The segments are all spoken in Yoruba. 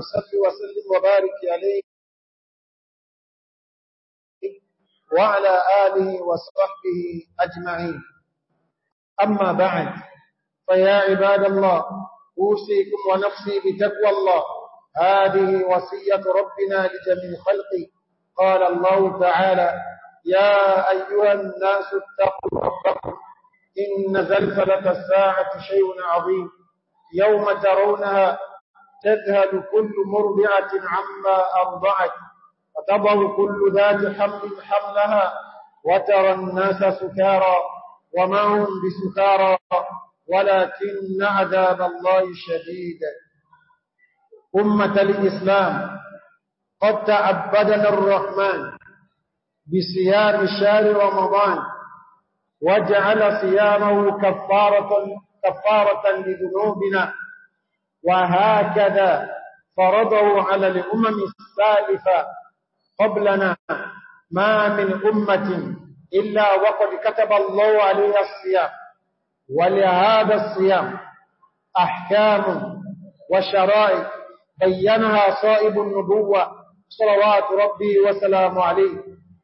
صلي وسلم وبارك عليه وعلى آله وصحبه أجمعين أما بعد فيا عباد الله أوصيكم ونفسي بتقوى الله هذه وصية ربنا لجميع خلقه قال الله تعالى يا أيها الناس اتقوا ربكم إن زلزلة الساعة شيء عظيم يوم ترونها تذهل كل مرضعة عما أرضعت وتضع كل ذات حمل حملها وترى الناس سكارى وما هم بسكارى ولكن عذاب الله شديد أمة الإسلام قد تعبدنا الرحمن بصيام شهر رمضان وجعل صيامه كفارة, كفارة لذنوبنا وهكذا فرضوا على الأمم السالفة قبلنا ما من أمة إلا وقد كتب الله عليها الصيام ولهذا الصيام أحكام وشرائع بينها صائب النبوة صلوات ربي وسلام عليه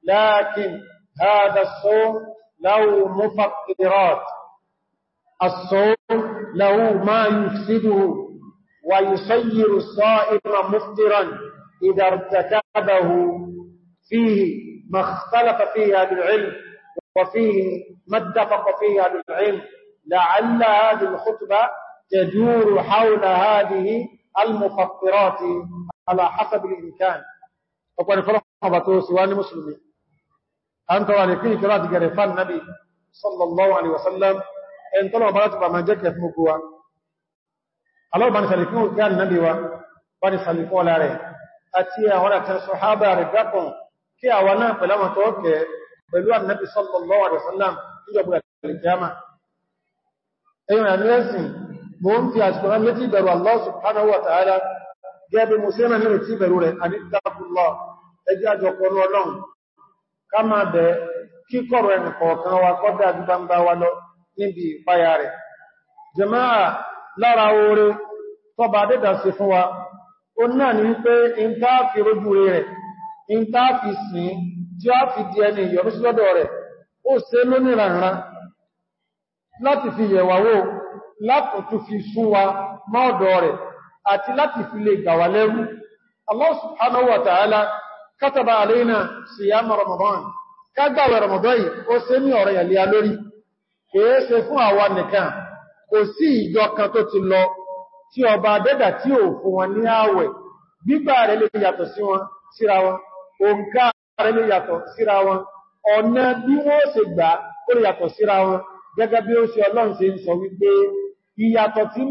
لكن هذا الصوم له مفطرات الصوم له ما يفسده ويسير الصائم مفطرا إذا ارتكبه فيه ما اختلف فيه أهل العلم وفيه ما اتفق فيه أهل العلم لعل هذه الخطبة تدور حول هذه المفطرات على حسب الإمكان وقال فرحبة سواني مسلمين أنت وأن فيه كرات جريفان النبي صلى الله عليه وسلم أنت لو مرتبة ما جكت مكوان Allah bá ní sàlìkú yà nàbí wa bá ní sàlìkú ọlá rẹ̀ àti àwọn àti ṣọ̀hábà rẹ̀ dákùn kí àwọn náà pẹ̀láwọn tó kẹ pẹ̀lú ànàbí sallallahu alaihi wasallam níjọba alìkíyàmà ẹ̀yìn àníẹ́sìn mo ń fi àṣìkò rán létí ìbẹ̀rù Allah subhanahu wa ta'ala gẹ́bí mo sẹ́rẹ̀ nínú tí ìbẹ̀rù rẹ̀ àníkàkùnlọ ẹjẹ́ àjọpọ̀nú ọlọ́run ká máa bẹ̀ kíkọ̀rọ̀ ẹnì kọ̀ọ̀kan wa kọ́dá gbangba wa lọ níbi ìpáyà rẹ̀ jẹ́máà lára oore tọba dẹ́dà sí fún wa ó náà ni wípé in tá fi rójú rẹ̀ in tá fi sìn tí a fi di ẹni ìyọ̀rú sí lọ́dọ̀ rẹ̀ ó ṣe lónìrànrán láti fi yẹ̀wàwó lápòtú fi súnwa mọ́ọ̀dọ̀ rẹ̀ àti láti fi lè gàwà lẹ́rú kò sí ìjọ kan tó ti lọ tí ọba dẹ́dà tí ò fún wọn ní ààwẹ̀ gbígbà rẹ̀ lè yàtọ̀ sí wọn síra wọn òǹkà rẹ̀ lè yàtọ̀ síra wọn ọ̀nà bí wọ́n ṣe gbà ó lè yàtọ̀ síra wọn gẹ́gẹ́ bí ó ṣe ọlọ́run ṣe ń sọ wípé ìyàtọ̀ tí ń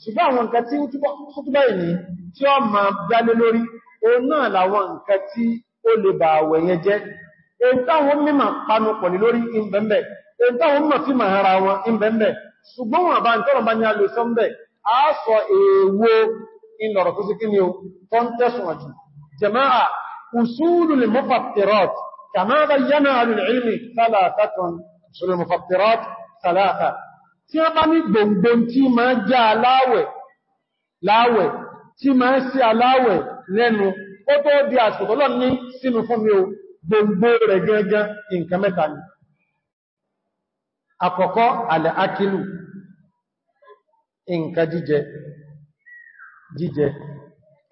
ṣùgbọ́n àwọn nǹkan tí kútùbà ìní tí ó ma dálé lórí o náà làwọn nǹkan tí ó lè bà àwẹ̀ yẹn jẹ́ ẹ̀ntàwọn mímọ̀ panupọ̀ ní lórí ìbẹ̀m̀bẹ̀ ẹ̀ntàwọn mọ̀ sí màára wọn ìbẹ̀m̀bẹ̀ ṣùgbọ́n wọn bá ń tọ́rọ bá ní alò sọ́m̀bẹ̀ a sọ èèwo ìlọ̀rọ̀ tó sí kí ni o tó tí a bá ní gbogbo tí ma já aláwẹ̀ láwẹ̀ tí ma ń sí aláwẹ̀ lẹ́nu ó tó di àṣòtọ́lọ́ ní sínú fún mi o gbogbo rẹ̀ gẹ́gẹ́ nǹkan mẹ́ta ni àkọ́kọ́ alẹ́ akílù nǹkan jíjẹ jíjẹ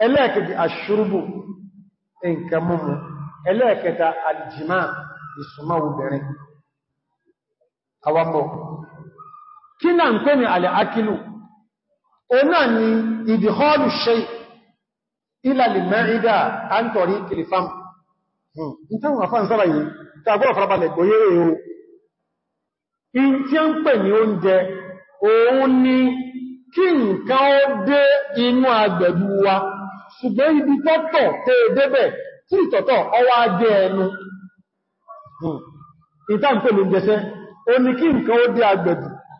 ẹlẹ́ẹ̀kẹ́ta àṣúrùbù nǹkan múmu ẹlẹ́ẹ̀kẹta àlìjìmá ìsúnmọ́ obìnrin awamọ́ kí náà ń pè ní alẹ́ akílù o náà ni ìdíhọ́lù ṣe ìlàlì mẹ́rídà àntorí kìlìfàm ní táwọn afán sára yìí tàbí farabalẹ̀ gbọ́yé o in tí a ń pè ní oúnjẹ òun ni kí nǹkan ó dé ṣùgbọ́n ibi tọ́tọ̀ tẹ́ débẹ̀ tí ìtọ̀tọ̀ ọwá jẹ́ ẹnu ìtàǹkò ló jẹsẹ́ o ní kí nǹkan ó dé agbẹ̀bú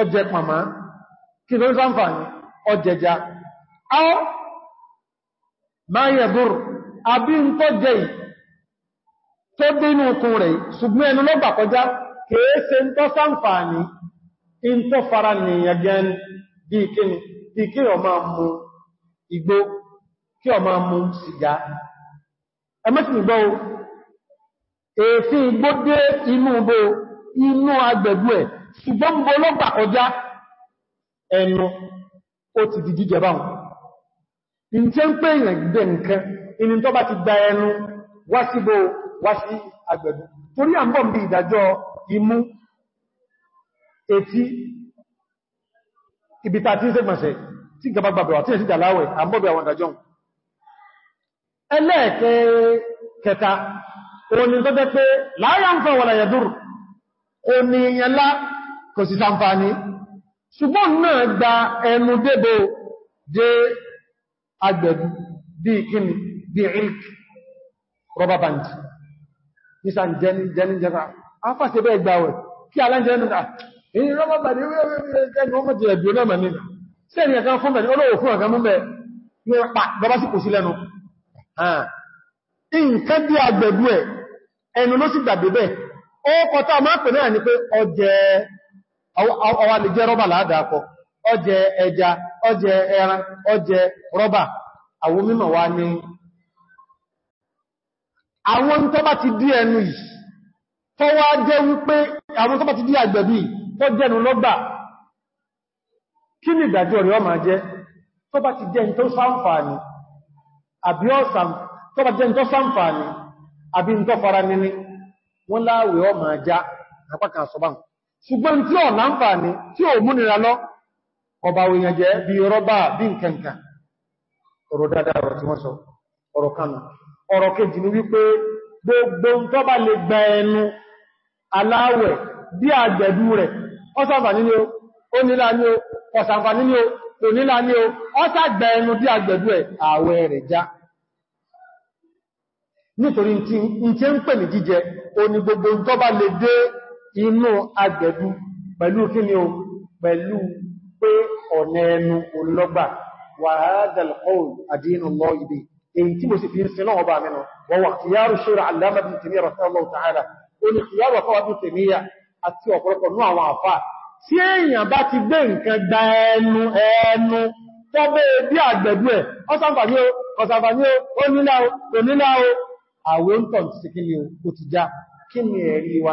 ọjẹ́ pàmá kí ló sáǹfàní ọjẹja a máa yẹ̀ búrù àbí ń tó jẹ́ ì tó dínú okun rẹ̀ ṣùgbọ́n ẹnu lọ́gbà kọjá kèése ń tó sáǹfàní in tó fara nìyàn gẹn bí kí o máa mu igbó kí o máa mu sìgá ẹmẹ́tìgbọ́ igbó dé inú inú agbẹ̀gbẹ̀ ṣùgbọ́n gbọ́ ló gbà kọjá ẹnu ó ti di jíjẹ báwọn in tí ó ń pè èèyàn gbẹ̀ nǹkan inú tó bá ti gba ẹnu wá síbò wá sí agbẹ̀dù torí à ń bọ̀ bí ìdájọ́ imú etí ibita tí ń sẹ́gbọ̀nsẹ̀ tí tó jẹ́ pé láyá ń fẹ́ wọ̀lá yẹ̀dùrù ìyẹnlá kò sí sàǹfàní ṣùgbọ́n náà gba ẹnu débò dé agbẹ̀dù bí kíni bí ilk rubber band nisan jẹni jẹni jẹni afáṣẹ́ bẹ́ gbà wẹ̀ kí alájẹ́ nínú rubber band ẹni wọ́n mọ̀jẹ̀ ẹ̀bí ọlọ́mà nínú sí ẹni ẹ̀kan fún mẹ́rin olóòwò fún ọ̀kan múmẹ́ ní pa bàbá sí kò sí lẹ́nu nǹkan bí agbẹ̀dù ẹ̀ ẹnu ló sì gbàgbé bẹ́ẹ̀ ó máa pè ni pé ọjẹ́ ọwà lè jẹ́ rọ́bà láàdàkọ ọjẹ́ ẹja ọjẹ́ ẹran ọjẹ́ rọ́bà àwọn mímọ̀ wá ní àwọn tó bá ti dí ẹnu yìí tó wá jẹ́ wípé àwọn tó bá ti dí àgbẹ̀bí tó jẹ́nu lọ́gbà kí ni ìdájọ́ rẹ̀ ó máa jẹ́ tó ti fara nini ṣùgbọ́n tí ọ̀ ní tí ò múnira lọ ọba òyìn jẹ́ bí rọ́bà bí nkẹnkà ọ̀rọ̀ dáadáa ọ̀rọ̀ tí wọ́n sọ ọ̀rọ̀ kanu ọ̀rọ̀ kejì ní wípé gbogbo tó bá lè gba ẹnu aláwẹ̀ bí àgbẹ̀dú rẹ̀ ọ́sàǹfààní ni inú agbẹ̀dú pẹ̀lú kíni o pẹ̀lú pé ọ̀nà ẹnu olọ́gbà wa hadha al-qawl ad-dinu Allahi bihi èyí tí mo sì fi ń sin náà ọba mẹ́nu wọ́n wà kí yárù ṣe al-Allama Ibn àwọn àfà tí ti gbé kí ni o kò ti já kí ni ẹ̀rí wa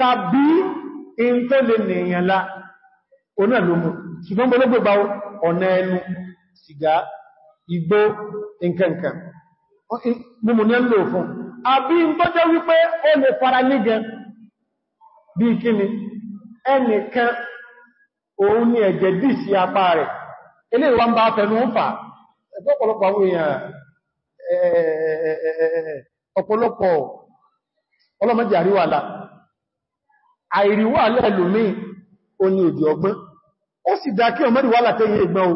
tàbí in tó lè nìyàn la oní ṣùgbọ́n gbogbo bá ọ̀nà ẹnu sìgá igbó nkankan mímú ní ẹ̀lò fún àbí in tó jẹ́ wípé ó lè fara nígan bí kíni ẹnìkan òun ní ẹ̀jẹ̀ dì sí apá rẹ̀ ilé ìwà ń bá fẹnu ń fà ọ̀pọ̀lọpọ̀ àwọn èèyàn ọ̀pọ̀lọpọ̀ ọlọ́mọdé àríwàlá àìríwà lẹ́lùmí o ní òdì ọgbọ́n ó sì dá kí ọmọdé wà látẹ́yẹ ìgbọ́n o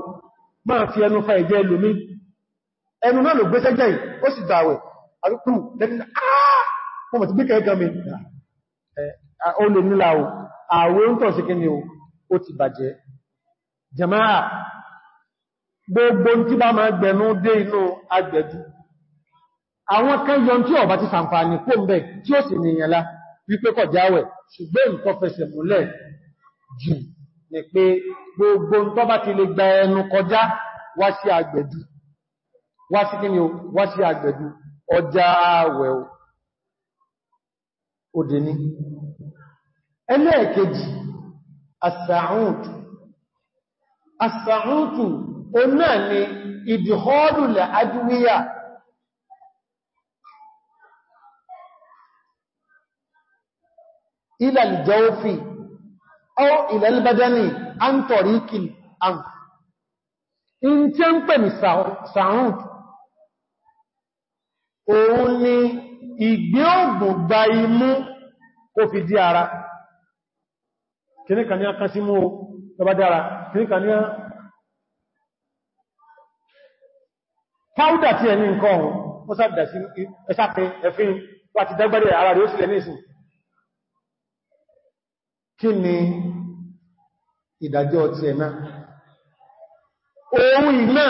máa fi ẹnu fa ìjẹ́ ẹlùmí ẹnu náà ló gbéṣẹ́ jẹ́ ó sì dáwẹ̀ àríkù lẹ́gbẹ̀ẹ́ àwọn kan yọ tí ọ̀bá ti sàǹfà ní kó ń bẹ̀ tí ó sì nìyànlá wípé kọ̀ jáwẹ̀ ṣùgbọ́n nǹkan fẹsẹ̀ múlẹ̀ jù ní pé gbogbo tó bá ti lè gba ẹnu kọjá wá sí àgbẹ̀dú wá sí kí ni o wá sí àgbẹ̀dú ọjà àwẹ̀ òdè ní ẹlẹ́ẹ̀kejì asàúntù asàúntù o ni ìdìhọ́lù lẹ́ adúwíyà إلى الجوف أو إلى البدن عن طريق الأنف إن تنقم سعود òun ni ìgbé ọ̀gbùn gba imú kó fi dí ara kìníkà ní akásí mú o lọba dára kìníkà ní pàúdà tí ẹni nǹkan ọ̀hún ó sáàdà sí ẹsàpẹ ẹ̀fín láti dágbàrí ara rẹ̀ ó sílẹ̀ ní ìsìn kí ni ìdájọ́ ti ẹ̀nà ohun iná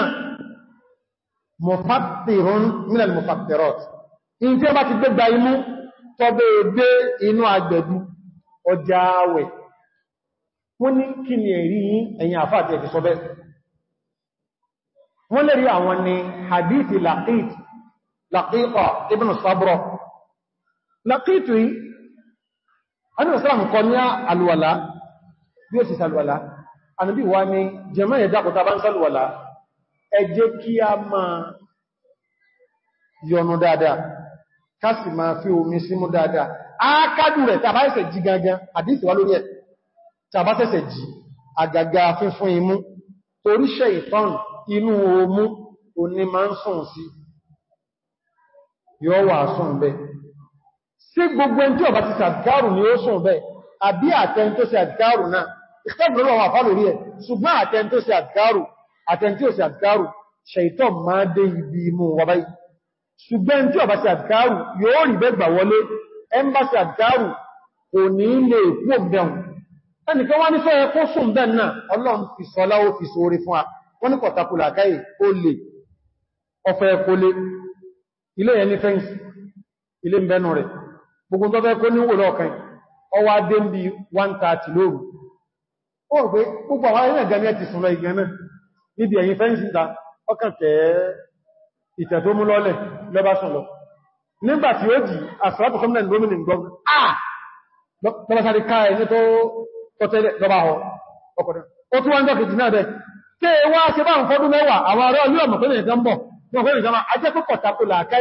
mọ̀fàtìrún mílẹ̀ mọ̀fàtìrọt in tí ó bá ti gbégbà imú tọ́bẹ̀ èdè e inú agbẹ̀dú ọjà àwẹ̀ wọ́n ní kí ni ẹ̀rí ẹ̀yìn àfáàtì ẹ̀fì sọ bẹ́ẹ̀ laqitu yìí anìyàn kọ ní alùwàlá bí ó sì sàlùwàlá ànàbí wà ní jẹmọ́ ìdákùta bá ń sàlùwàlá ẹ jẹ́ kí a máa yọnu dáadáa ká sì máa fi omi símú dáadáa a kádù rẹ̀ tàbá ẹsẹ̀ jí gangan àdísì wá lórí ẹ̀ tàbá sẹ́sẹ̀ jí àgàgà fífún imú oríṣẹ́ ìtọ́n inú omú òní máa ń sùn sí yọ́ wà sùn bẹ́ẹ̀ sí gbogbo ẹni tí ó bá ti sàdìkárù ni ó sùn bẹ́ẹ̀ àbí àtẹni tó ṣe àdìkárù náà ìṣẹ́gbẹ̀rẹ̀ lọ́wọ́ àfá lórí ẹ̀ ṣùgbọ́n àtẹni tó ṣe àdìkárù àtẹni tí ó ṣe àdìkárù ṣẹ̀ìtọ́ máa dé ibi imú wa báyìí ṣùgbọ́n tí ó bá ṣe àdìkárù yóò rí bẹ́ẹ̀ gbà wọlé ẹn bá ṣe àdìkárù ilé ẹni fẹ́ǹsì ilé ń bẹ́nu rẹ̀ gbogbo tó fẹ́ kó níwò lọ́ọ̀kan ọwá dé ń bí 130 lóòrù ó rò pé púpọ̀ àwọn ẹ̀rẹ́ ìgbẹ̀mí ti sùn lọ ìgbẹ̀mẹ́ níbi ẹ̀yìn fẹ́ǹsì ta ọkàn tẹ́ ìtẹ̀ tó mú lọ́lẹ̀ lọ́bá sùn lọ nígbà tí ó jì àsìrátù kọ́mìnà gómìnà gbọ́n àà lọ́básáré ká ẹni tó tọ́tẹ́lẹ̀ lọ́bá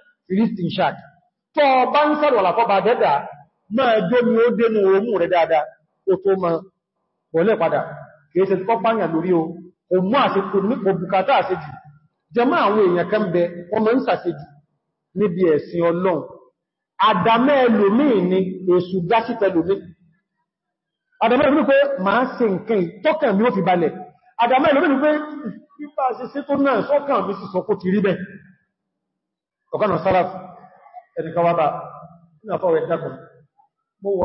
listin shark tó bá ń sàrọ̀lá fọ́bà dẹ́dà máa jó mi ó dénú omú rẹ̀ dáadáa ó tó ma wọlé padà kìí ṣe tó pàyàn lórí o kò mú àṣekò ní kò bùkátà àṣejù jẹmọ́ àwọn èèyàn kan bẹ ń sàṣejù níbi ẹ̀sìn ni èṣù gásítẹ̀lòmíì àdàmẹ́ ìlú pé máa ṣe nǹkan ìtọ́kàn mi ó fi balẹ̀ àdàmẹ́ ìlú pé ọ̀kanà sáraf ẹ̀dìkawábà ní àfọwọ̀ ẹ̀dàkùn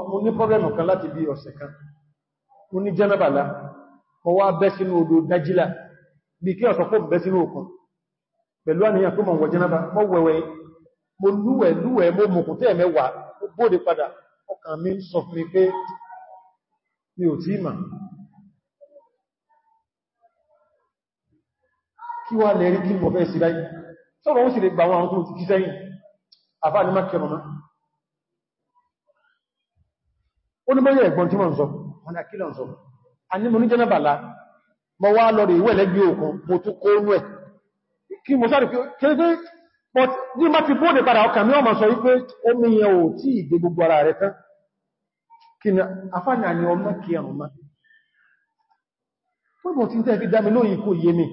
mo ní pọ́blẹ̀mù kan láti bí ọ̀sẹ̀ kan mo ní jẹ́nàbàlá mo wá bẹ́ sínú odò dájílà bí kí ọ̀sọ̀ fún bẹ́ sínú òkun pẹ̀lú àníyàn tó mọ̀ wọ jẹ́nàbà mo wẹ̀wẹ̀ mo lúwẹ̀ lúwẹ̀ mo mùkùn tẹ́ mẹ́wàá ó bóde padà ọkàn mi sọ kí wá lè rí kí mo fẹ́ sí báyìí tọ́rọ ó sì lè gbà wọn àwọn tó ti kí sẹ́yìn àfáà ní mákẹrùn náà ó ní bẹ́yẹ̀ ẹ̀gbọ́n tí wọ́n sọ wọn àkílọ̀ sọ a ní mo ní jẹ́nàbàlá mọ́ wá lọ rẹ̀ ìwẹ̀ lẹ́gbẹ̀ẹ́ ni afáàní àni ọmọ kí ẹ̀rùn má pẹ́bọ̀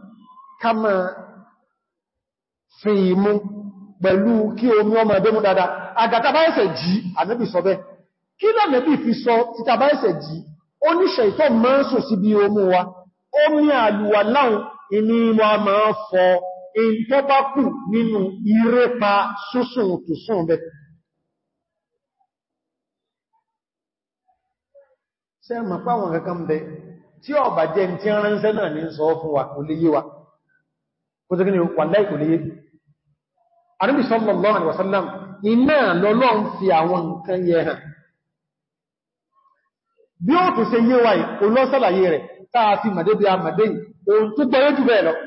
kama fi imú pẹ̀lú kí omi ọmọ ẹgbẹ́ mú dada àgàtà bá ẹsẹ̀ jí ànẹ́bì sọ bẹ́ kí lọ́nẹ́bì fi sọ títà bá jí ó níṣẹ̀ ìtọ́ máa ń sùn sí bí omi wa omi àlùwà láhùn inú ìmọ̀ a máa fọ in tó bá kù nínú ìrépa súsùn tùsùn bẹ́ sẹ́mà pàwọn kankan tí ọ̀bàjẹ́ tí ń ránṣẹ́ náà ní sọ fún wa kò lè yé ó tó kí ni wà láì kò léyé Ànábì sallallahu alaihi wasallam iná lọ́lọ́ ń fi àwọn nǹkan yẹ hàn bí ó tó ṣe yé wa olóṣàlàyé rẹ̀ táa fi màdé bí a màdé ohun tó gbẹ̀rẹ̀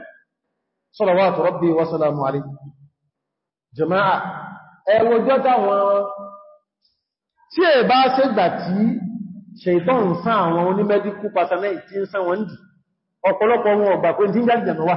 jama'a ẹwọjọ́ táwọn tí ẹ bá ṣe gbà tí ṣètọ́n sáà àwọn onímẹ́díkù pàtàlẹ́ ìtí ń sáwọn dì ọ̀pọ̀lọpọ̀ wọn ọ̀gbà pé tí ń jáde jẹ̀mọ́ wà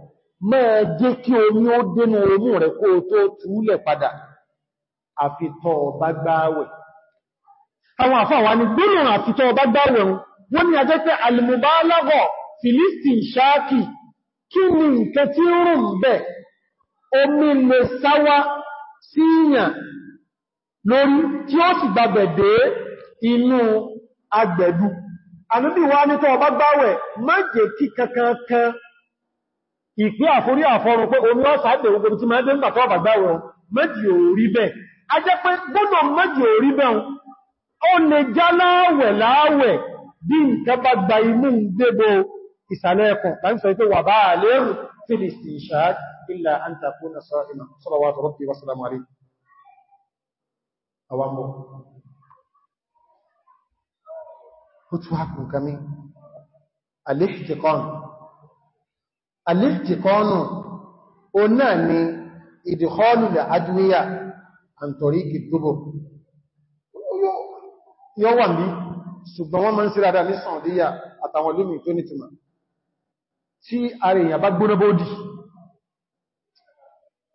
máa jẹ́ kí omi ó dénú omú rẹ̀ kó tó túlẹ̀ padà àfitọ́ ọba Àwọn àfáwà ni gbónà àfitọ́ wọ́n ni a jẹ́ pé alìmọ̀bálọ́gọ̀ Filistin ṣáàkì kí ni nǹkan tí ń rùn bẹ̀ omi lè sáwá síyàn lórí tí ó sì inú agbẹ̀dú. ọba jẹ́ kí kankan ìpé àforí àfọrùn pé omi ọ́sàádẹ̀ ogun tí máa dé ń bà tọ́ àbàgbáwọ̀ méjì ò rí bẹ́ẹ̀ a jẹ́ pé gbọ́nà méjì ò rí bẹ́ẹ̀ ó lè já láàwẹ̀ láàwẹ̀ bí nǹkan bá gba imú gbébò ìsàlẹ̀ ẹkùn láti sọ pé wà bá lérù alìtìkọ́nù o náà ni ìdìkọ́lùlẹ̀ adúwíyà àntorí ìdúgbò yóò wà ní ṣùgbọ́n wọ́n máa ń sí rádà ní sàndíyà àtàwọn olómi tó ní tìmà tí ara èèyàn bá gbóná bóòdì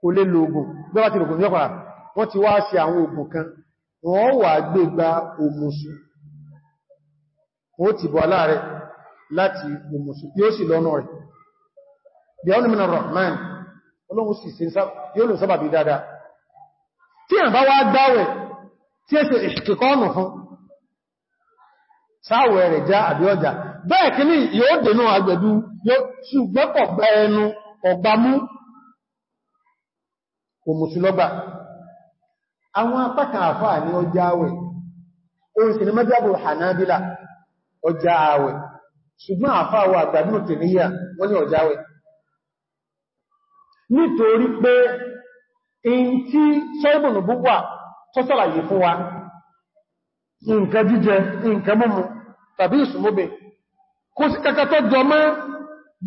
o lè lo ogun gbọ́nà ti rògùn yọ́pàá wọ́n ti wá sí àwọn ogun kan wọ́n wà gbé gba òmùsù wọ́n ti bọ̀ aláàrẹ láti òmùsù yóò sì lọ́nà rẹ̀ bí ọ́nà mìíràn rahman ọlọ́run sì yóò lò sábàbí dáadáa tí àbá wá gbáwẹ̀ tí é ṣe ìṣkìkọ́ọ̀nù fún sáwẹ̀ rẹ̀ já àbí ọjà bẹ́ẹ̀ kí ní yóò dènà agbẹ̀dú ṣùgbọ́n kò gba ẹnu kò gba mú òmùsùlọ́gbà àwọn apákan àfáà ní ọjà àwẹ̀ orin sí ni mẹ́jábò Hanabila ṣùgbọ́n àfáà wà àgbàdínà wọ́n ní ọjà nítorí pé in tí ṣẹ́bùn búgbà tó sàlàyé fún wa nǹkan jíjẹ nǹkan mímu tàbí ìsúnmọ́bẹ̀ kó sí kaka tó jọ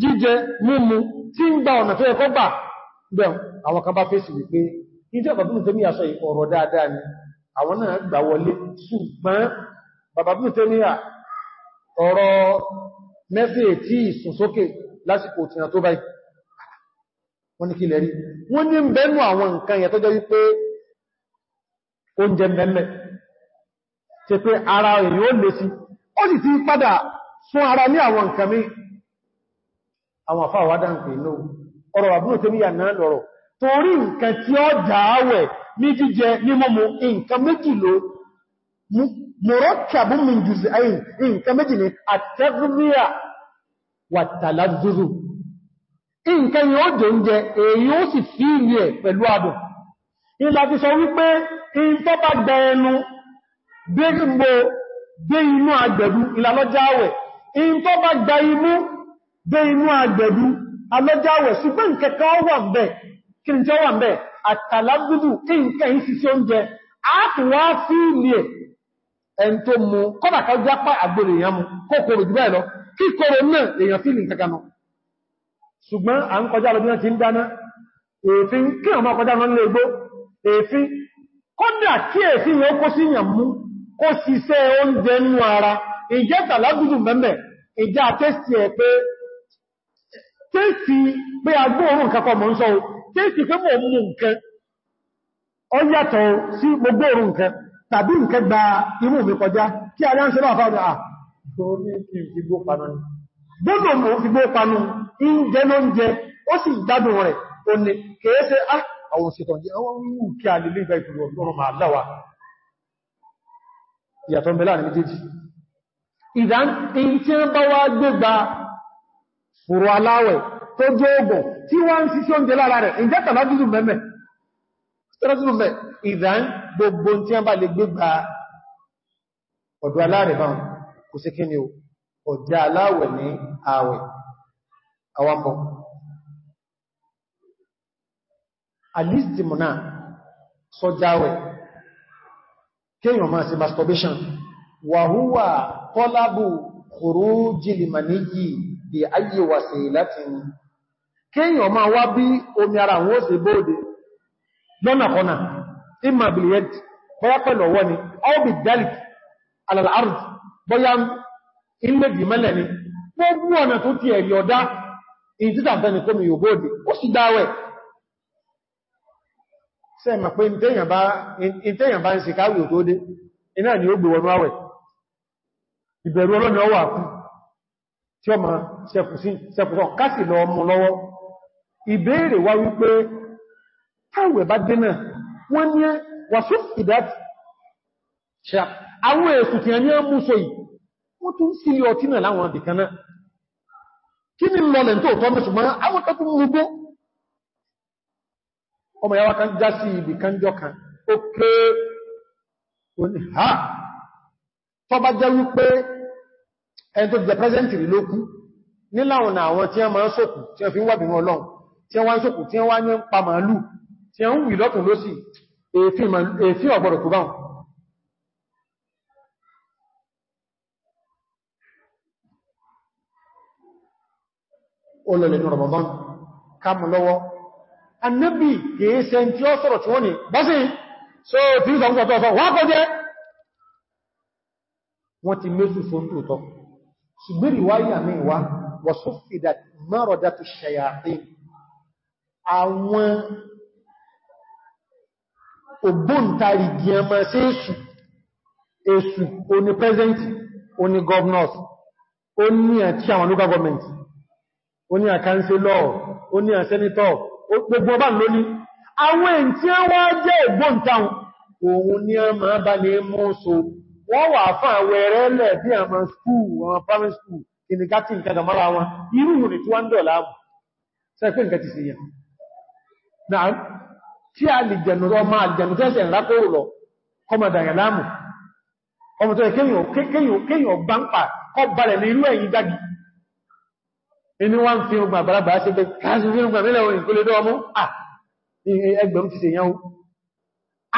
jíjẹ mímu tí ń gba ọ̀nà tó ẹkọ́ awọn bẹ̀rù àwọn kan bá fèsì wípé ìjọ bàbínú àṣọ ọ̀rọ̀ ni àwọn náà gbà wọlé ṣùgbọ́n bàbínú tẹ́mí à ọ̀rọ̀ tí lásìkò wọ́n ní kí lẹ rí wọ́n ní bẹ́nu àwọn nǹkan yẹn tó jẹ́ wípé oúnjẹ mẹ́mẹ́ ara èyí ó lè sí ó sì ti padà fún ara ní àwọn nǹkan mí àwọn àfáà ń pè náà ọ̀rọ̀ àbúrò tó níyà náà lọ́rọ̀ torí nǹkan tí ó dááwẹ̀ ní jíjẹ ní mọ́mú nǹkan méjì ló min nǹkan nǹkan yóò jẹ oúnjẹ èyí ó sì fi ìlú ẹ̀ pẹ̀lú adùn ìlà ti sọ wípé in tó bá gbẹ ẹnu inú agbẹ̀dú ìlàlọ́jáwẹ̀ in tó bá gba imú gbé inú agbẹ̀dú alọ́jáwẹ̀ ṣùgbọ́n kẹkẹ́ ọwà bẹ̀ kí ni tí wà bẹ̀ àtàlágbùdù a ṣùgbọ́n a ń kọjá lọ bí wọ́n ti ń dáná èéfín kí ọmọ kọjá wọn lè gbó èéfín kódà kí èéfín yóò kó sí ìyàn mú kó síṣẹ́ oúnjẹ nínú ara ìjẹ́ tàlágùdù mẹ́mẹ́ ìjá tẹ́sì ẹ̀ pé tẹ́sì pé agbóòrùn kankan mọ́ ń sọ pé a gbogbo mọ̀ fi gbó panu ìjẹ́ ló ń jẹ ó sì gbádùn rẹ̀ o ní kèése ah, àwọn òṣètò jẹ́ àwọn wù kí a lè lè ìgbà ìfìwọ̀ ọ̀rọ̀ máa láwà ìyàtọ̀ mẹ́lá ní méjèèjì ìdán tí ń bá wá gbégbà fòrò aláwẹ̀ tó jẹ́ ogun tí wọ́n ń ṣiṣẹ́ oúnjẹ lára rẹ̀ ìjẹ́ tàbátìlù mẹ́mẹ́ ìdán gbogbo tí ń bá lè gbégbà ọ̀dọ̀ kò sí kí ni o ọ̀já aláwẹ̀ ní ààwẹ̀ awakọ̀. Alistimuna sọjáwẹ̀ kéèyàn máa ṣe masturbation wà húwà tọ́lábù khurujil maniyyi bí ayyi wasilatin kéèyàn máa wá bí omi ara wọn ó ṣe bóòdè lọ́nàkọ́nà imma bọ́yá pẹ̀lọ̀wọ́ ni aw bid dalik ala bọ́yá ìmẹ́gbì mẹ́lẹ̀ ni gbogbo ọ̀nà tó ti ẹ̀rí ọ̀dá in títà bẹni kó mi yóò bóòdì ó sì dáwẹ̀ sẹ́mà pé ìtẹ́yàn bá ń se káwì òtó dé iná ni ó gbé wọnú àwẹ̀ ìbẹ̀rù ọlọ́nà ọwà kú tí ó àwọn èsù tí a ní ọmú yìí wọ́n tún sí ilé ọtí náà láwọn àbìkan náà kí ni lọlẹ̀ tó tọ́ mẹ́ ṣùgbọ́n àwọn tó tún rúgbó ọmọ yàwá kan já sí ibì kan jọ kan ó ké oní ha tọ́ bá jẹ́ wípé ẹni tó jẹ pẹ́sẹ̀ntì rí ló kú níláwọn àwọn tí wọ́n máa ń sókù tí wọ́n fi ń wà bìnrin ọlọ́run tí wọ́n ń sókù tí wọ́n wá ní pa màálù tí wọ́n ń wì lọ́tùn lósì èéfín ọ̀gbọ̀rọ̀ báwọn olóòlẹ̀ ní Ramadan kàmù lọ́wọ́ annabi kìí ṣe tí ó sọ̀rọ̀ tí wọ́n ni bá sí so tí ó sọ̀rọ̀ tó sọ wọ́n kọ́ jẹ́ wọ́n ti méjì fún tòótọ́ ṣùgbìrì wáyà mẹ́wàá wọ́n sọ fìdà márọ̀dá ti ṣayàtí àwọn ògbóǹtarìgì ẹmọ sí èṣù èṣù àwọn local government ó ní àkánsílọ̀ ó ní àsẹ́nítọ̀ gbogbo ọba ló ní àwọn èyí tí wọ́n jẹ́ ìgbóǹtàn òun ní a máa bá ní mú so wọ́n wà fún àwẹ̀rẹ́ lẹ̀ bí àwọn skúù school kìnnìkátì nǹkan dàmọ́ra wọn irú ìrùn tí wọ́n dọ̀ láàmù sẹ́fẹ́ nǹkan ti sí yẹn náà tí a lè jẹ̀nù rọ máa jẹ̀nù tẹ́sẹ̀ ìrákòrò lọ kọmọdàyà láàmù ọmọ tó yẹ kéyàn irú inú wá ń fi ogun àgbàlagbà ṣe pé káàsì fi ogun àmìlẹ̀ òyìn kó lè dọ́ ọmọ ẹgbẹ̀rún ti ṣe yánwó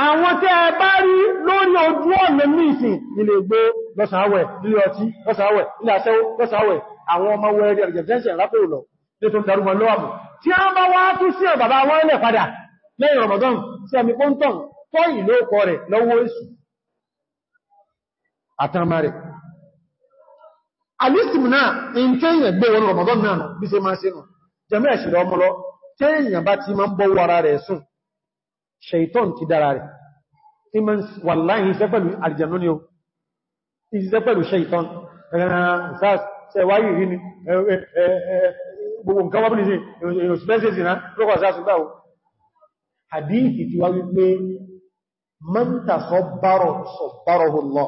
àwọn tẹ́ ẹ bá rí lórí ojú ọ̀nà míìsìn ilé gbé lọ́sàáwẹ̀ ilé ọtí lọ́sàáwẹ̀ ilé aṣẹ́wó lọ́sàáwẹ̀ àwọn ọmọ wẹ́rẹ́ rẹ̀jẹ̀sẹ̀ rápò lọ ní tó darúgbọn lọ́wàmù tí a bá wá tó sí ẹ̀ bàbá wọn lẹ̀ padà lẹ́yìn Ramadan sí ẹmi pọ́ntọ̀n tọ́ ìlú ọkọ̀ rẹ̀ lọ́wọ́ èṣù àtàmà rẹ̀ alísìmù náà in tẹ́yìn gbé wọn Ramadan náà bí se máa sínú jẹ́mẹ́ ẹ̀ṣìlẹ̀ ọmọlọ tẹ́yìn bá ti máa ń bọ́ wara rẹ̀ sùn ṣeitọ́n ti dára rẹ̀ tí ma ń wàláhì iṣẹ́ pẹ̀lú àlìjànnú ni o iṣẹ́ pẹ̀lú ṣeitọ́n man tasabbara sabbarahu Allah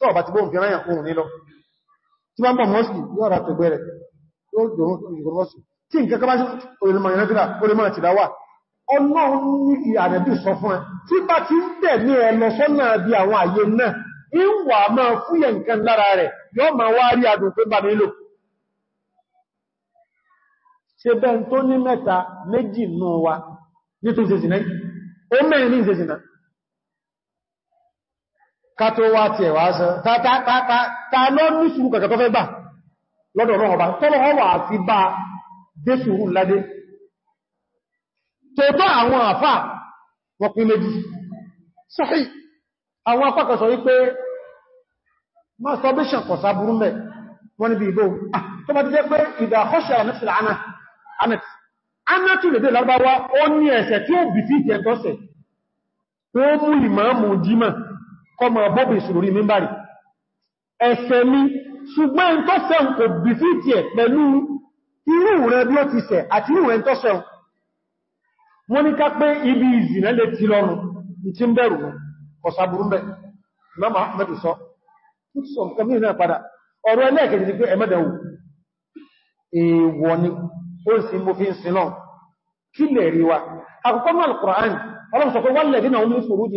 tọ́ bá ti bóhùn fi ráyàn ohun nílọ tí bá ń bọ̀ mọ́sí yóò rà tẹ̀gbẹ́ rẹ̀ yóò dòrún ìgbòmọ́sí tí nǹkan kọ́ bá ṣe olèmọ̀ ìrẹ́fìlà olèmọ̀ ti dáwà ọ̀nà ní àrẹ̀bí sọ fún ẹ tí bá ti ń tẹ̀ ní ẹlọ sọ́nà tó ní mẹ́ta méjì nù wa ní tó ṣe sìnà ó mẹ́rin ní ìṣẹ́sìnà kátó wá ti ẹ̀wà sán ta lọ ní sùúrù kàkà tó fẹ́ bà lọ́dọ̀ ọ̀rọ̀ ọba tọ́lọ̀ ọwà àti bá dé sùúrù ládé tòótọ́ àwọn àfà wọ́n pín méjì sọ́hí àwọn apákan sọ wípé masturbation kò sáburú mẹ́ wọ́n níbi ìbò ah, tó bá ti jẹ́ pé ìdà àkọ́ṣẹ́ àmẹ́sìlá anátù lè kọmọ bóbi sùúrí mímbàrí ẹ̀ṣẹ̀ mi ṣùgbọ́n tó sẹ́un kò bí sí ti ẹ̀ pẹ̀lú irú rẹ̀ bí ó ti ṣẹ̀ àti irú rẹ̀ tó sẹ́un wọ́n ní ká pé ibi ìzìnà lè ti lọ́rùn tí ń bẹ̀rù ọ̀sàbùrú bẹ̀ mọ́mà mẹ́tù sọ lè rí náà Al-Qur'an ọlọ́pùsọ̀kọ́ wọ́n lè dínà omi fòrújì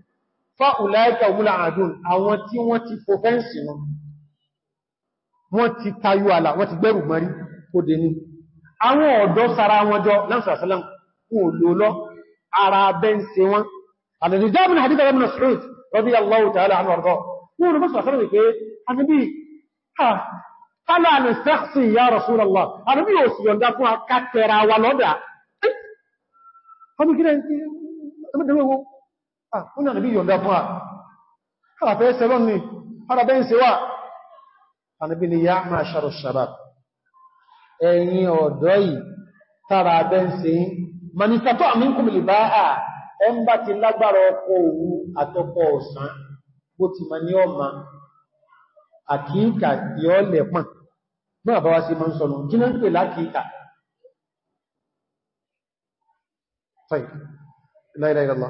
fáùláìkà òmúlà àdún àwọn tí wọ́n ti fò fẹ́ǹsì wọn wọ́n ti tayọ àlà wọ́n ti gbẹ́rù mọ́rí ó dé ní àwọn ọ̀dọ́ sara wọn jọ lánṣàṣàlám kún olóòlọ́ ara bẹ́ǹsì wọn àdìjábìn ọ̀nà níbi yọ̀nda fún àràfẹ́ ẹsẹ̀lọ́n ni àràbẹ́ ń se wà àníbí ni ya máa ṣàrọ̀ ṣàbà ẹ̀yin ọ̀dọ́ yìí tààrà abẹ́ ń se manifesto àmínkùnmìlì bá à bá ti lágbára ọkọ̀ òwú àtọkọ̀ ọ̀sán bó ti ma ní ka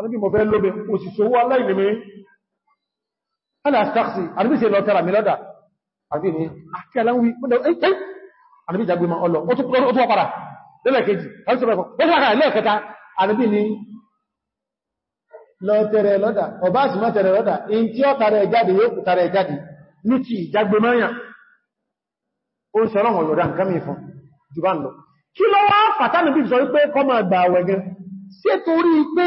anábí mo fẹ́ lóbe òsìsò owó aláìlèmí aláàstáksì anábí se lọ tẹ́ra mi lọ́dà àti ní àti aláwí anábí jagbe ma ọlọ ó tún wọ́pàdà lẹ́lẹ́kejì anábí ní lọ tẹ́rẹ lọ́dà ọba sì má tẹ́rẹ lọ́dà in tí ó tàrẹ jáde yóò kù tàrẹ jáde ní ti ìjagbe mọ́yàn ó ń sọ́rọ̀ ọ̀yọ̀dá nǹkan kí lọ́wọ́ pàtàkì sọ wípé kọ́ máa àwẹ̀gẹ́ sí torí pé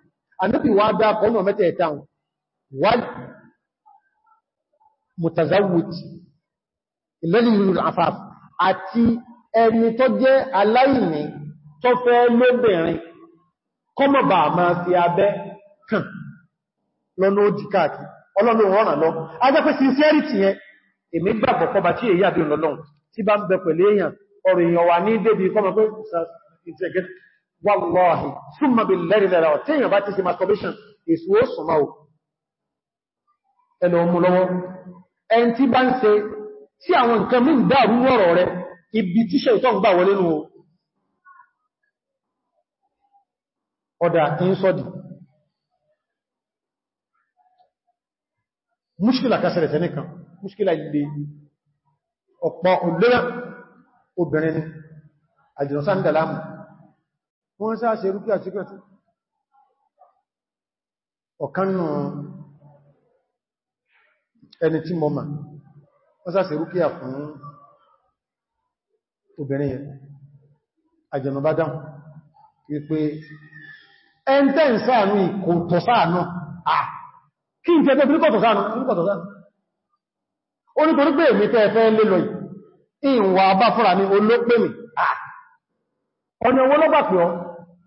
anábì wá dá ọ̀nà mẹ́tẹ̀ẹ̀ta wal mutazawwij alladhi yuridu al-afaf àti ẹni tó jẹ́ aláìní tó fẹ́ lóbìnrin kọmọ̀bà máa fi abẹ́ kàn lọ́nà òjì káàkiri ọlọ́nà ìrọ̀nà lọ agbẹ́pẹ́ sincerity yẹn èmi gbàgbọ́ kọba tí èyí àbí ọlọ́lọ́run tí bá ń bẹ pẹ̀lú èèyàn ọ̀rọ̀ èèyàn wà ní débi kọmọ pé wàlọ́ọ̀hì súnmọ̀ bí lẹ́rìnlẹ́ra ọ̀tí èyàn bá ti ṣe masturbation èsù ó súnmọ̀ ò ẹlọ ọmọ lọ́wọ́ ẹn tí bá ń ṣe tí àwọn nǹkan mí dáàrú ọ̀rọ̀ rẹ ibi tíṣẹ́ ìtọ́ gbà wọlé nù ọ̀dà kí ń sọ́dì múṣkìlà kásẹ̀rẹ̀ tẹ́nìkan múṣkìlà ilé ọ̀pọ̀ òlérà obìnrin àjìnà sáńdà láàmù wọ́n sáà ṣe rúkí àti kẹtù ọ̀kánà ẹni tí mọ́ ma wọ́n sáà ṣe rúkí à fún obìnrin yẹn àjẹ̀nàbá dáhùn wípé ẹntẹ́ ìsáànú ìkò tọ̀sáànú à kí n tẹ́tẹ́ bíríkọ̀ tọ̀sáànú ní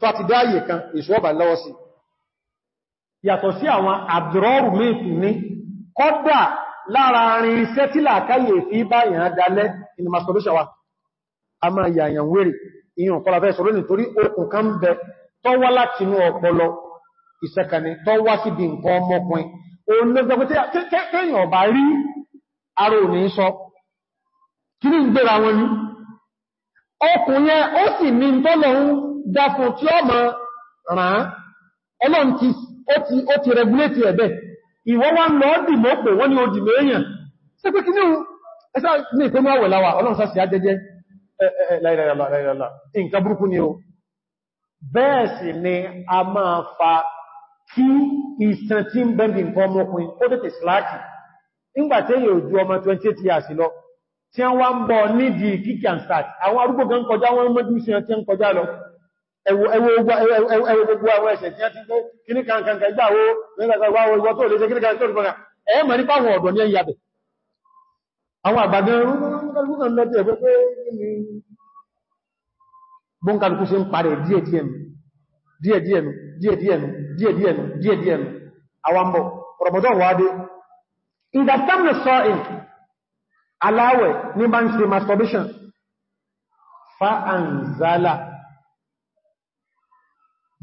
tó àti dáyè kan ìṣọ́bà lọ́wọ́ sí yàtọ̀ sí àwọn àdúrọ́rù méjì ní kọ́dà lára rin iṣẹ́ tí làkáyè fi bá yàn dalẹ́ inú masturbation wa a máa yàyàn wèrè ìyàn kọ́lá fẹ́ sọ̀rọ̀ nítorí okùn kan bẹ tó wá láti inú ọpọlọ ìṣẹ́kànnì tó wá sí bí nǹkan ọmọkùnrin òun lọ́gbẹ̀ẹ́ dákun tí ó mọ̀ ràn ọlọ́run ti ó ti regulate ẹ̀bẹ̀ ìwọ́n wá ń lọ dì mọ́pò wọ́n ni ó dì mẹ́yàn ṣe pé kí ní ẹsá ní ìpé mọ́ àwẹ̀ láwà ọlọ́run sáà sí ajẹ́jẹ́ ni o fa kí ìsàn tí ń bẹ́ndì nǹkan ọmọkùnrin ó tètè síláàkì nígbàtí èyí ò ju ọmọ 28 years lọ tí wọ́n wá ń bọ̀ nídìí kíkànsáàtì àwọn arúgbó gan kọjá wọ́n mọ́jú sí ọ̀tí ń kọjá lọ ẹwọ gbogbo àwọn ẹ̀ṣẹ̀ tí a ti gbé kíní kankanka ìgbàwó nígbàgbàwó ìwọ tó lè ṣe kíní kankan tó rùgbọ́n ẹ̀ mọ̀ nípa àwọn ọ̀dọ̀ ní ẹ̀yà bẹ̀ àwọn àgbàgbẹ̀ bóǹkàlùkù sí ń parẹ̀ díẹ̀díẹ̀nù àwambọ̀ rọ̀bọ̀dọ̀ wáde ìdàtàmì sọ in aláwẹ̀ ní bá ń ṣe masturbation fa'anzala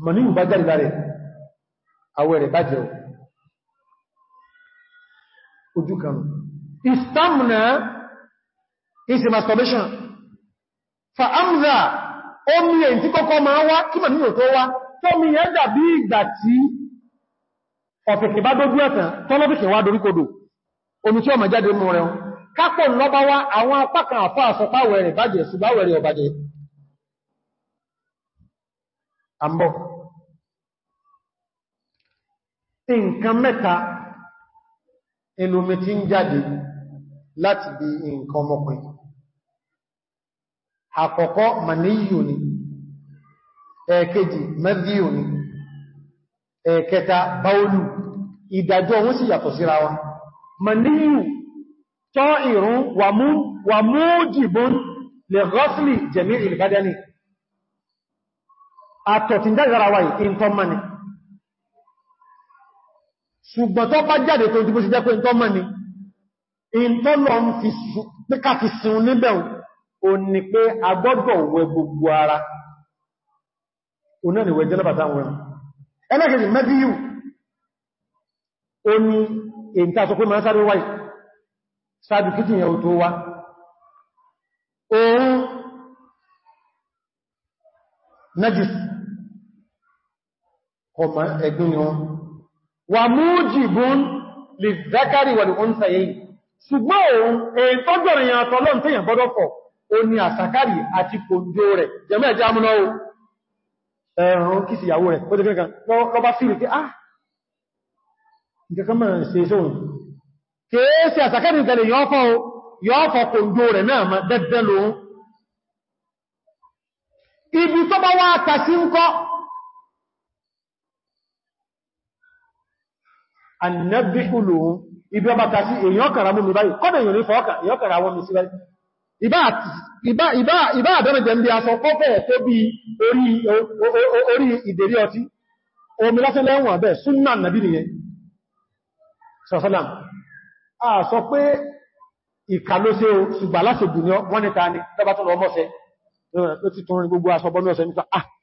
mọ̀ ní ìbá jáde lára àwẹ̀ rẹ̀ bàjẹ́ ò ojú kan istamna is masturbation fa amza omi èyí tí kọ́kọ́ máa wá kí mọ̀ nínú tó wá tó mi yẹn dàbí ìgbà tí ọ̀fẹ̀kẹ̀ bá dójú ẹ̀tàn tọ́lọ́fẹ̀kẹ̀ wá doríkodò omi tí ọmọ jáde mọ́ rẹ̀ kápọ̀ lọ́bá wá àwọn apákan àfáà sọpáwẹ̀ rẹ̀ bàjẹ́ ṣùgbáwẹ̀ rẹ̀ ọ̀bàjẹ́ àmbọ̀. nǹkan mẹ́ta ilomi ti ń jáde láti bí nǹkan ọmọkùnrin àkọ́kọ́ maniyu ni ẹ̀ẹ̀kejì mẹ́díò ni ẹ̀ẹ̀kẹta báolù ìdàjọ́ wọ́n sì yàtọ̀ síra wa maniyu tọ́ ìrún wàmú wàmú jìbọn lè gọ́sìlì jẹ̀mí ìlúbádẹ́ni àtọ̀tíjájárawáyì ìntọ́mọ́ni ṣùgbọ́n tó bá jáde tó dìbò sí jẹ́ pé ìntọ́mọ́ni ìntọ́lọ ń fi pẹ́ká fi sin níbẹ̀ o ní pé a gbọ́dọ̀ wẹ gbogbo ara onániwẹ̀ jẹ́lẹ́bàtà wọn ẹlẹ́gẹ̀ẹ́sì mẹ́bíyù ó ní èyí najis ọmọ ẹgbẹ́ wọn wà mújìbún lè zákàrí wà ní oúnjẹ yìí ṣùgbọ́n òun èyí tó gbọ̀rìn yàn àtọ́ lọ́n tẹ́yàn gbọ́dọ̀ fọ̀ o ni àsàkárì àti kòjò rẹ̀ jẹ́mẹ́ ẹ̀jẹ́ amúná o ẹ̀rùn kí sí ìyàwó rẹ̀ ó ah nǹkan mọ̀ ṣe sóhun kèése àsàkárì ìtẹ̀lẹ̀ yọ́ọ̀fọ̀ kòjò rẹ̀ náà mọ́ dẹ́dẹ́ lóhun ibi tó bá wá annabihu lòun ibi ọba ta sí èyàn kàrà mú mi báyìí kọ́dọ̀ èyàn ní fọ́ọ̀kà èyàn kàrà wọ́n mi sí báyìí ìbá àbẹ́rẹ̀jẹ̀ ń bí aṣọ kọ́fẹ́ tó bí orí ìdèrí ọtí omi lásẹ́ lẹ́wọ̀n àbẹ́ súnnà nàbí nìyẹn sọ̀sọ́làm a sọ pé ìkàlóṣe ṣùgbà láṣẹ̀ jù ní wọ́n ní ta ni tọ́bátọ́lọ ọmọ́ṣẹ́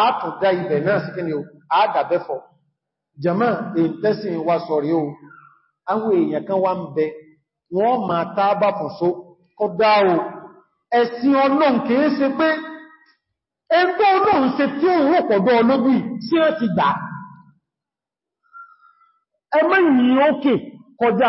àátùdá ibẹ̀ náà sí kí ni o àádàbẹ́fọ̀ jama ìtẹ́sìn wa sọ̀rí o àwọn èèyàn kan wá ń bẹ wọ́n ma tábà fún so kọ́dá o ẹ̀sìn ọlọ́n kìí ṣe pé ẹgbẹ́ ọlọ́n ṣe tí ó rọ̀ pọ̀dọ̀ ọlọ́bí sí ẹ ti gbà ẹmọ́ ìyìn ókè kọjá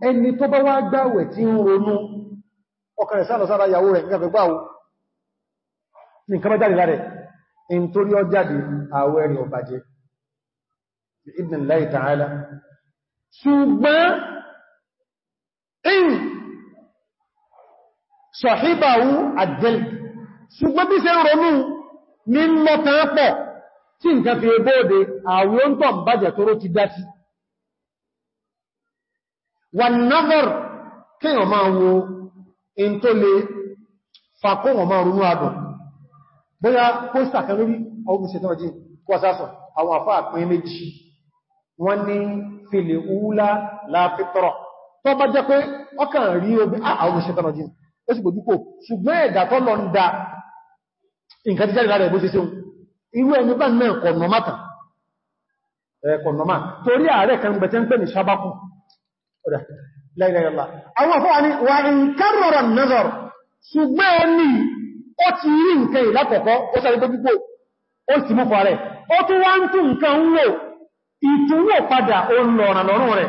ẹni tó bá wá gbàwẹ̀ tí ń ronú ọkàn rẹ̀ sáàlọ̀ sára ìyàwó rẹ̀ nígbàgbẹ̀ gbáwó ní nǹkan mẹ́jáde lárẹ̀ in torí ọ jáde àwẹ̀ rẹ̀ ọ̀bàjẹ́ Ibnillahi ta'ala ṣùgbọ́n in sọ̀híbàwú àjẹ́l ṣùgbọ́n bí ṣe ń ronú ní mọ́tàápọ̀ tí nǹkan fi ebóòdè àwẹ̀ ń tọ̀ tóró ti dátí wọ́n náfẹ́r kí wọ́n máa wo in tó lè fàkó wọ́n máa runú àdọ̀ bóyá kó sàkẹ́ lórí ọgbùn ṣe tọ́rọ jí kọsásọ̀ àwọn àfá àpín méjì wọ́n ní fèlè úúlá láàpítọ́rọ̀ tó bá jẹ́ pé ọkàn rí obi ah, àwọn ṣe tọ́rọ jí ó sì gbogbo la ilaha illallah àwọn fọ́wà ní wà ń kárọ̀rọ̀ nẹ́zọ̀rọ̀ ṣùgbẹ́ ní ó ti rí nǹkan ìlákọ̀ọ́kọ́ ó sáré tó púpọ̀ ó sì mọ́fà rẹ̀ ó tún wá ń tún nǹkan ń wò ìtúnwò padà ó ń lọ ọ̀rànlọ́rùn rẹ̀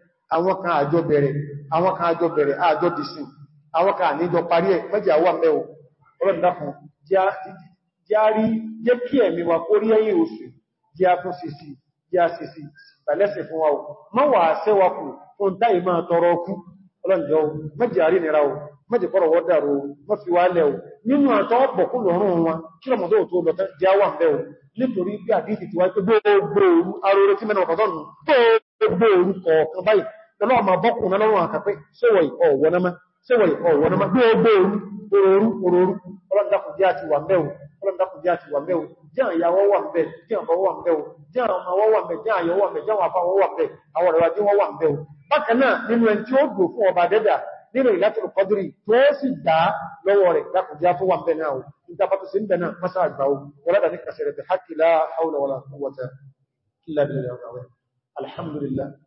àwọn kan àjọ bẹ̀rẹ̀ àwọn kan àjọ bẹ̀rẹ̀ àjọ dìsìn àwọn kan àníjọ parí ẹ̀ méjì àwọn mẹ́wọ̀ ọlọ́dàkùn járí jẹ́ kí ẹ̀mí wa kó ẹ̀yìn oṣù jẹ́ àtún sísì jẹ́ àṣìsì pẹ̀lẹ́sì fún wa o mọ́ wà wa o o o nítorí bí àdíjì wáyé tí mẹ́nà kọ̀ọ̀kan báyìí lọ́lọ́ọ̀mà bọ́kùn lọ́rùn àkàpẹ́ síwọ̀ ìkọ̀ọ̀wọ́namá síwọ̀ ìkọ̀ọ̀wọ́namá gbogbo orú orú ọlọ́ndàkùn jẹ́ àti wà mẹ́wò ọlọ́ndàkùn jẹ́ àti wà mẹ́wò jẹ́ àyàwó wà mẹ́ jẹ́ àbọ̀wọ́ wà mẹ́wò jẹ́ àwọn ọmọ wà mẹ́ jẹ́ àyàwó wà mẹ́ jẹ́ àwọn àfáwọ́ wà mẹ́ àwọn ọ̀rẹ́wà jẹ́ wọ́n wà mẹ́wò bákan náà nínú ẹni tí ó gbò fún ọba dẹ́dà nínú ìlàtọ̀rọ̀ kọdìrì tó sì dá lọ́wọ́ rẹ̀ dákùn jẹ́ tó wà mẹ́ náà nígbà bá tó sí ń bẹ̀ náà mọ́sá àgbà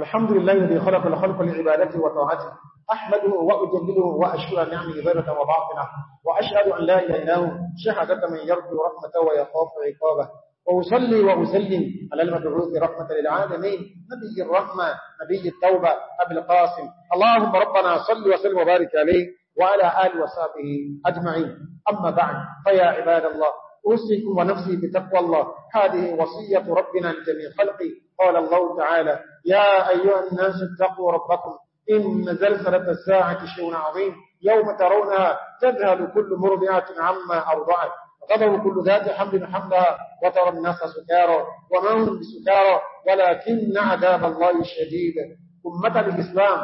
الحمد لله الذي خلق الخلق لعبادته وطاعته أحمده وأجلله وأشكر نعمه ظاهرة وباطنة وأشهد أن لا إله إلا هو شهادة من يرجو رحمته ويخاف عقابه وأصلي وأسلم على المبعوث رحمة للعالمين نبي الرحمة نبي التوبة أبي القاسم اللهم ربنا صل وسلم وبارك عليه وعلى آل وصحبه أجمعين أما بعد فيا عباد الله أوصيكم ونفسي بتقوى الله هذه وصية ربنا لجميع خلقه قال الله تعالى يا أيها الناس اتقوا ربكم إن زلزلة الساعة شيء عظيم يوم ترونها تذهل كل مرضعة عما أرضعت وتضر كل ذات حمل حملها وترى الناس سكارا وما هم بسكارا ولكن عذاب الله شديد أمة الإسلام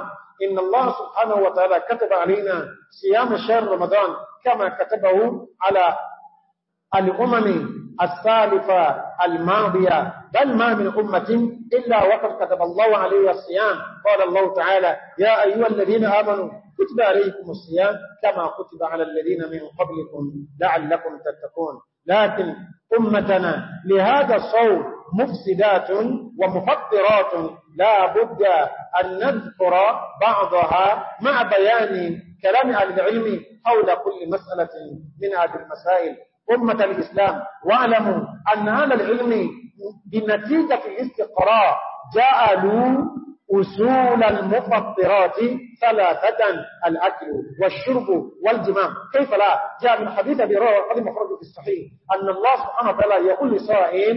إن الله سبحانه وتعالى كتب علينا صيام شهر رمضان كما كتبه على الأمم السالفة الماضية بل ما من أمة إلا وقد كتب الله عليه الصيام قال الله تعالى يا أيها الذين آمنوا كتب عليكم الصيام كما كتب على الذين من قبلكم لعلكم تتقون لكن أمتنا لهذا الصوم مفسدات ومفطرات لا بد أن نذكر بعضها مع بيان كلام العلم حول كل مسألة من هذه المسائل أمة الإسلام واعلموا أن هذا العلم بنتيجة الاستقراء جعلوا أصول المفطرات ثلاثة الأكل والشرب والجماع كيف لا جاء من حديث أبي روى وقد مخرج في الصحيح أن الله سبحانه وتعالى يقول لصائم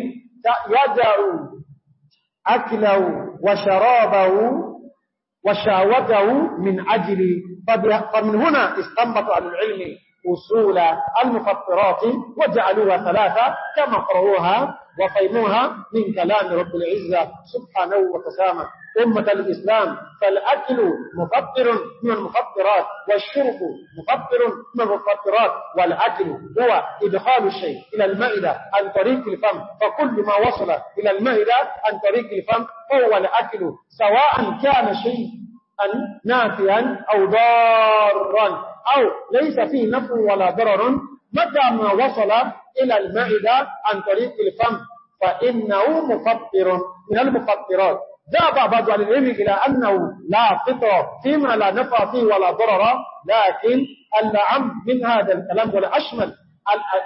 يدعوا أكله وشرابه وشاوته من أجل فمن هنا استنبط عن العلم أصول المفطرات وجعلوها ثلاثة كما قرأوها وفهموها من كلام رب العزة سبحانه وتسامه أمة الإسلام فالأكل مفطر من المفطرات والشرب مفطر من المفطرات والأكل هو إدخال الشيء إلى المائدة عن طريق الفم فكل ما وصل إلى المائدة عن طريق الفم هو الأكل سواء كان شيء نافيا أو ضارا أو ليس فيه نفع ولا ضرر متى ما وصل إلى المعدة عن طريق الفم فإنه مفطر من المفطرات ذهب بعض العلم إلى أنه لا فطر فيما لا نفع فيه ولا ضرر لكن اللعم من هذا الكلام والأشمل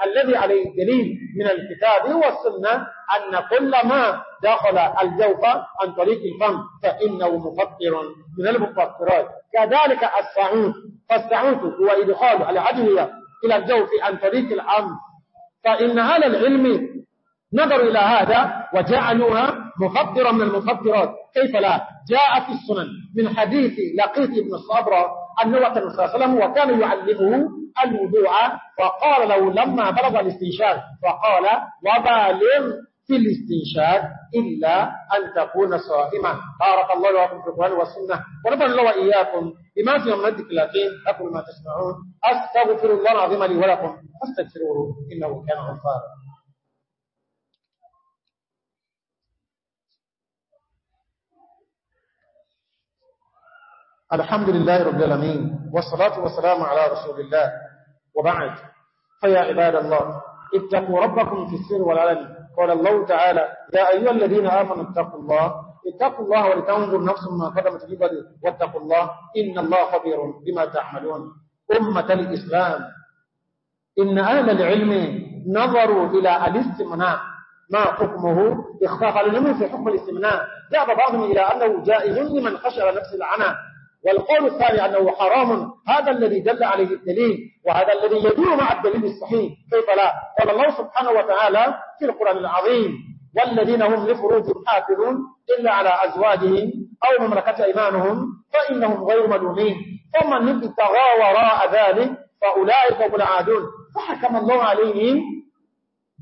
الذي عليه الدليل من الكتاب والسنة أن كل ما دخل الجوف عن طريق الفم فإنه مفطر من المفطرات كذلك الصعود فاستعنت هو إدخال العدوية إلى الجوف عن طريق العام فإن أهل العلم نظروا إلى هذا وجعلوها مخدرة من المخدرات كيف لا جاء في السنن من حديث لقيت بن الصبر أن وقت صلى الله عليه وسلم وكان يعلمه الوضوء وقال له لما بلغ الاستنشاق فقال وبالغ في الاستنشاد إلا أن تكون صائما بارك الله لكم في القرآن والسنة ونفع الله وإياكم بما في أمدك لكن أكل ما تسمعون أستغفر الله العظيم لي ولكم أستغفروا إنه كان غفارا الحمد لله رب العالمين والصلاة والسلام على رسول الله وبعد فيا عباد الله اتقوا ربكم في السر والعلن قال الله تعالى يا أيها الذين آمنوا اتقوا الله اتقوا الله ولتنظر نفس ما قدمت في بدر واتقوا الله إن الله خبير بما تعملون أمة الإسلام إن أهل العلم نظروا إلى الاستمناء ما حكمه اخفاق العلم في حكم الاستمناء ذهب بعضهم إلى أنه جائز لمن خشر نفس العنى والقول الثاني أنه حرام هذا الذي دل عليه الدليل وهذا الذي يدور مع الدليل الصحيح كيف لا قال الله سبحانه وتعالى في القرآن العظيم والذين هم لفروجهم حافظون إلا على أزواجهم أو مملكة إيمانهم فإنهم غير ملومين فمن ابتغى وراء ذلك فأولئك هم العادون فحكم الله عليهم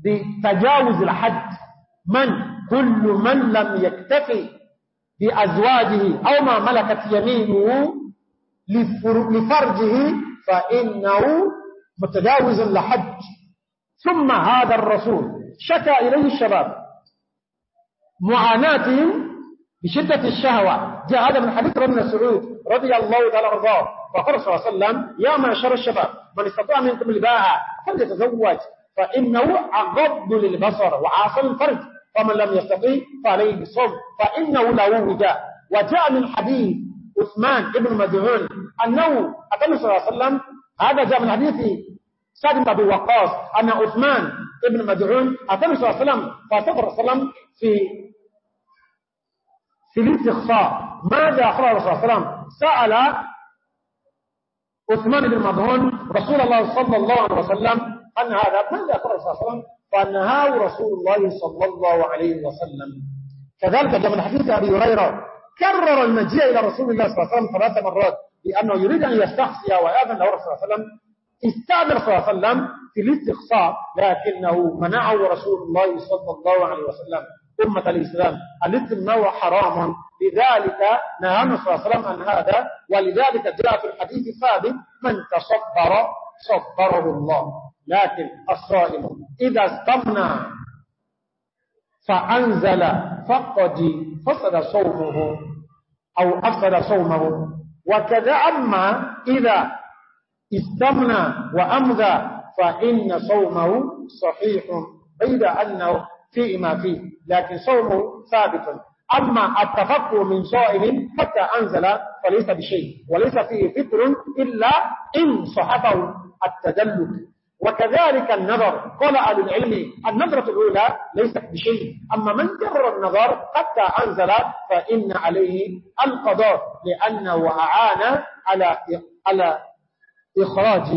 بتجاوز الحد من كل من لم يكتفي بأزواجه أو ما ملكت يمينه لفرجه فإنه متجاوز لحج ثم هذا الرسول شكى إليه الشباب معاناتهم بشدة الشهوة جاء هذا من حديث ربنا سعود رضي الله تعالى عنه فقال صلى الله عليه وسلم يا معشر الشباب من استطاع منكم الباعة فليتزوج فإنه أغض للبصر وعاصل الفرج ومن لم يستطيع فعليه بالصوم فإنه له وجاء وجاء من حديث عثمان بن مدعون أنه أتمنى صلى الله عليه وسلم هذا جاء من حديث سعد بن وقاص أن عثمان بن مدعون أتمنى صلى الله عليه وسلم فسفر صلى الله عليه وسلم في في الاستخصاء ماذا أخرى صلى الله عليه وسلم سأل عثمان بن مدعون رسول الله صلى الله عليه وسلم أن هذا ماذا أخرى صلى الله عليه وسلم فنهاه رسول الله صلى الله عليه وسلم كذلك جاء من حديث أبي هريرة كرر المجيء إلى رسول الله صلى الله عليه وسلم ثلاث مرات لأنه يريد أن يستخصي ويأذن له رسول الله صلى الله عليه وسلم استأذن صلى الله عليه وسلم في الاستقصاء لكنه منعه رسول الله صلى الله عليه وسلم أمة الإسلام الاستمناء حراما لذلك نهانا صلى الله عليه وسلم عن هذا ولذلك جاء في الحديث الثابت من تصبر صبره الله لكن الصائم إذا استمنى فأنزل فقد فسد صومه أو أفسد صومه وكذا أما إذا استمنى وأمذى فإن صومه صحيح بيد أنه فيه ما فيه لكن صومه ثابت أما التفكر من صائم حتى أنزل فليس بشيء وليس فيه فكر إلا إن صحته التدلل وكذلك النظر قال أهل العلم النظرة الأولى ليست بشيء أما من كرر النظر حتى أنزل فإن عليه القضاء لأنه أعان على على إخراج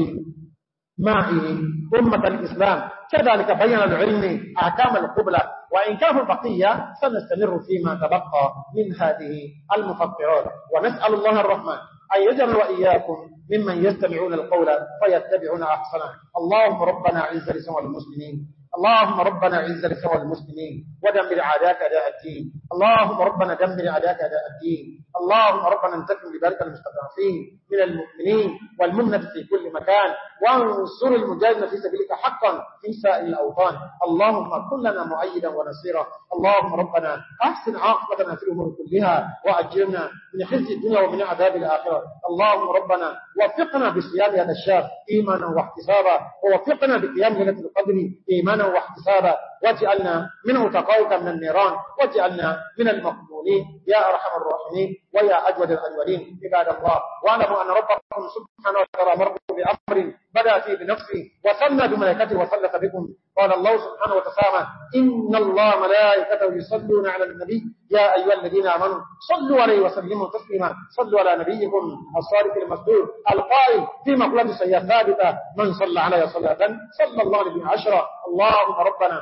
مائه أمة الإسلام كذلك بين العلم أحكام القبلة وإن كان البقية سنستمر فيما تبقى من هذه المفقرات ونسأل الله الرحمن أن يجعل وإياكم ممن يستمعون القول فيتبعون أحسنه اللهم ربنا عز لسوى المسلمين اللهم ربنا عز لسوى المسلمين ودمر عداك أداء الدين اللهم ربنا دمر عداك أداء الدين اللهم ربنا انتكم لبارك المستضعفين من المؤمنين والمنة في كل مكان وانصر المجاهدين في سبيلك حقا في سائر الأوطان اللهم كلنا مؤيدا ونصيرا اللهم ربنا أحسن عاقبتنا في الأمور كلها وأجرنا من خزي الدنيا ومن عذاب الآخرة اللهم ربنا وفقنا بصيام هذا الشهر إيمانا واحتسابا ووفقنا بقيام ليلة القدر إيمانا واحتسابا واجعلنا منه تقوتا من النيران واجعلنا من المقبولين يا أرحم الراحمين ويا أجود الأجودين عباد الله واعلموا أن ربكم سبحانه وتعالى مرض بأمر بدأ فيه بنفسه وسلم بملائكته وسلف بكم قال الله سبحانه وتعالى إن الله ملائكته يصلون على النبي يا أيها الذين آمنوا صلوا عليه وسلموا تسليما صلوا على نبيكم الصادق المسدود القائل في مقلة سيئة ثابتة من صلى عليه صلاة صلى الله عليه عشرة اللهم ربنا